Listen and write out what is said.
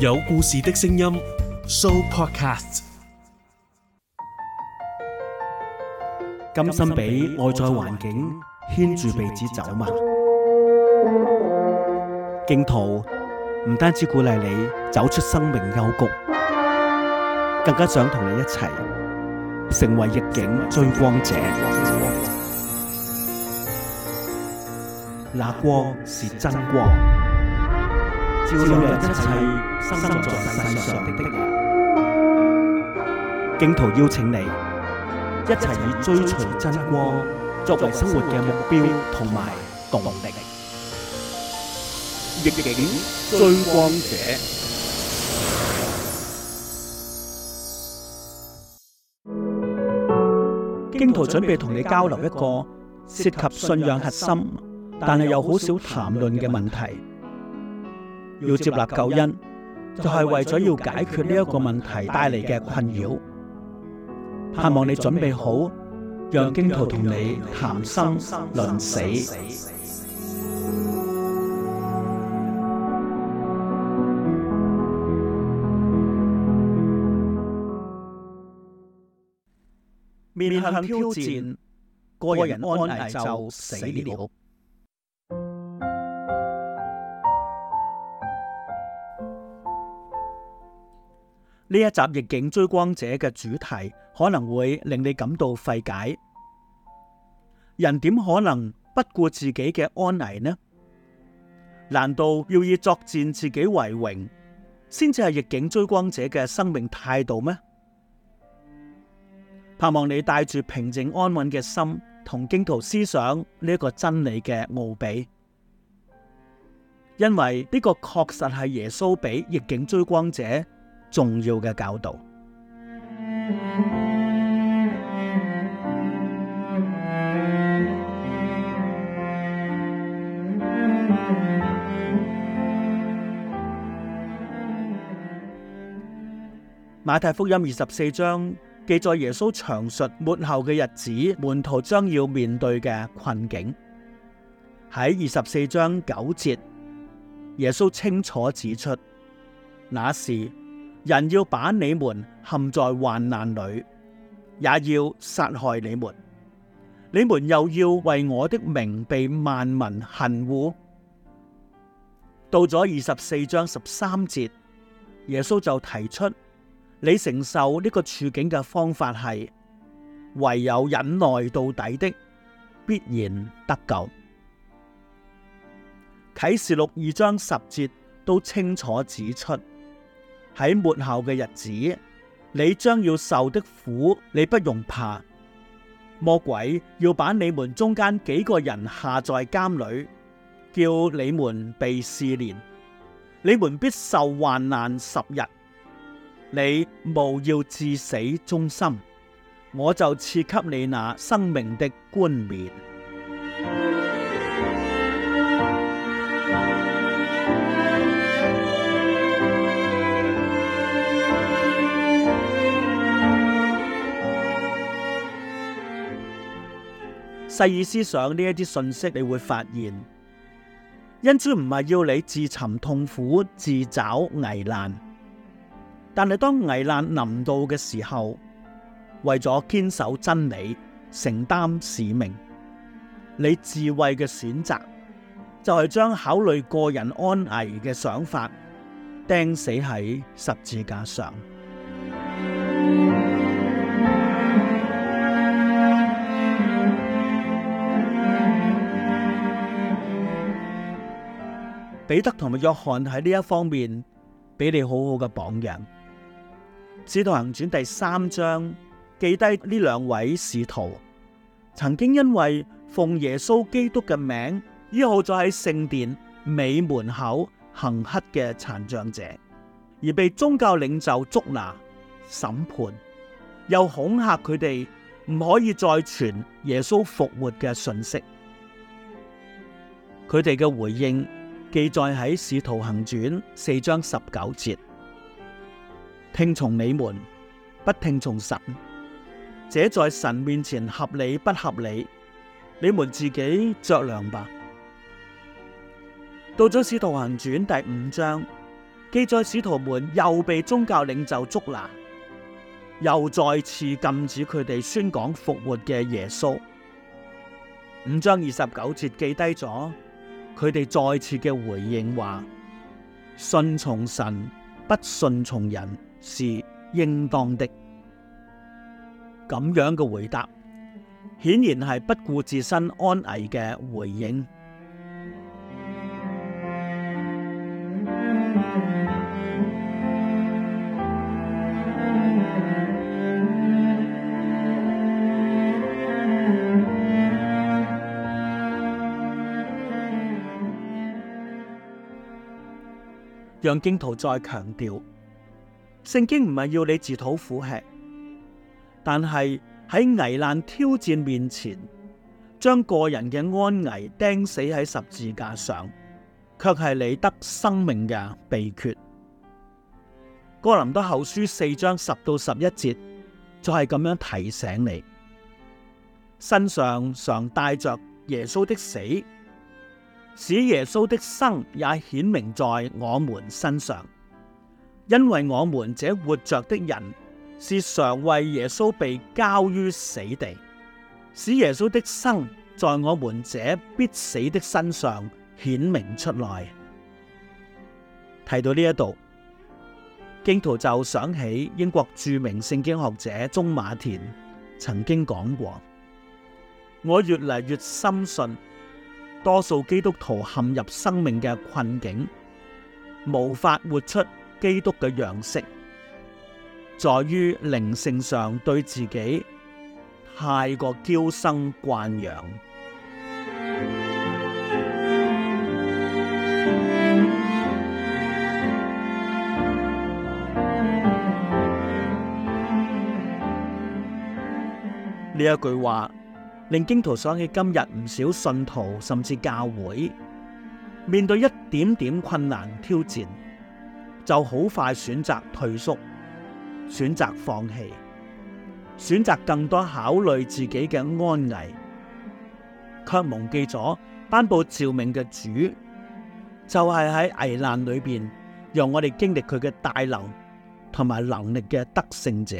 有故事的聲音，Sooopodcast。甘心俾外在環境牽住鼻子走嗎？荊徒唔單止鼓勵你走出生命幽谷，更加想同你一齊成為逆境追光者。那光是真光。照亮一切生在世上的人，荊徒邀請你一齊以追隨真光作為生活嘅目標同埋動力，逆境追光者。荊徒準備同你交流一個涉及信仰核心，但係又好少談論嘅問題。要接納救恩，就係為咗要解決呢一個問題帶嚟嘅困擾。盼望你準備好，讓荊徒同你談生論死。面向挑戰，個人安危就死了。呢一集逆境追光者嘅主題，可能會令你感到費解。人點可能不顧自己嘅安危呢？難道要以作戰自己為榮，先至係逆境追光者嘅生命態度咩？盼望你帶住平靜安穩嘅心，同荊徒思想呢一個真理嘅奧比，因為呢個確實係耶穌俾逆境追光者重要嘅教導。馬太福音二十四章記載耶穌詳述末後嘅日子，門徒將要面對嘅困境。喺二十四章九節，耶穌清楚指出，那時，人要把你們陷在患難裏，也要殺害你們，你們又要為我的名被萬民恨惡。到咗二十四章十三節，耶穌就提出你承受呢個處境嘅方法係唯有忍耐到底的，必然得救。啟示錄二章十節都清楚指出。喺末後嘅日子，你將要受的苦，你不用怕。魔鬼要把你們中間幾個人下在監裏，叫你們被試煉，你們必受患難十日。你務要至死忠心，我就賜給你那生命的冠冕。細意思想呢一啲信息，你會發現，因此唔係要你自尋痛苦，自找危難，但係當危難臨到嘅時候，為咗堅守真理、承擔使命，你智慧嘅選擇就係、是、將考慮個人安危嘅想法釘死喺十字架上。彼得同埋約翰喺呢一方面俾你好好嘅榜樣，《使徒行傳》第三章記低呢兩位使徒曾經因為奉耶穌基督嘅名，醫好咗喺聖殿美門口行乞嘅殘障者，而被宗教領袖捉拿審判，又恐嚇佢哋唔可以再傳耶穌復活嘅訊息。佢哋嘅回應。記載喺《使徒行傳》四章十九節，聽從你們，不聽從神，這在神面前合理不合理？你們自己酌量吧。到咗《使徒行傳》第五章，記載使徒們又被宗教領袖捉拿，又再次禁止佢哋宣講復活嘅耶穌。五章二十九節記低咗。佢哋再次嘅回應話：信從神，不信從人，是應當的。咁樣嘅回答，顯然係不顧自身安危嘅回應。讓荊徒再強調，聖經唔係要你自討苦吃，但係喺危難挑戰面前，將個人嘅安危釘死喺十字架上，卻係你得生命嘅秘訣。哥林多後書四章十到十一節就係咁樣提醒你，身上常帶着耶穌的死。使耶穌的生也顯明在我們身上，因為我們這活着的人是常為耶穌被交於死地，使耶穌的生在我們這必死的身上顯明出來。提到呢一度，荊徒就想起英國著名聖經學者鍾馬田曾經講過：我越嚟越深信。多數基督徒陷入生命嘅困境，無法活出基督嘅樣式，在於靈性上對自己太過嬌生慣養。呢一句話。令荊徒想起今日唔少信徒甚至教會，面對一點點困難挑戰，就好快選擇退縮、選擇放棄、選擇更多考慮自己嘅安危，卻忘記咗頒布詔命嘅主，就係、是、喺危難裏邊，讓我哋經歷佢嘅大能同埋能力嘅得勝者。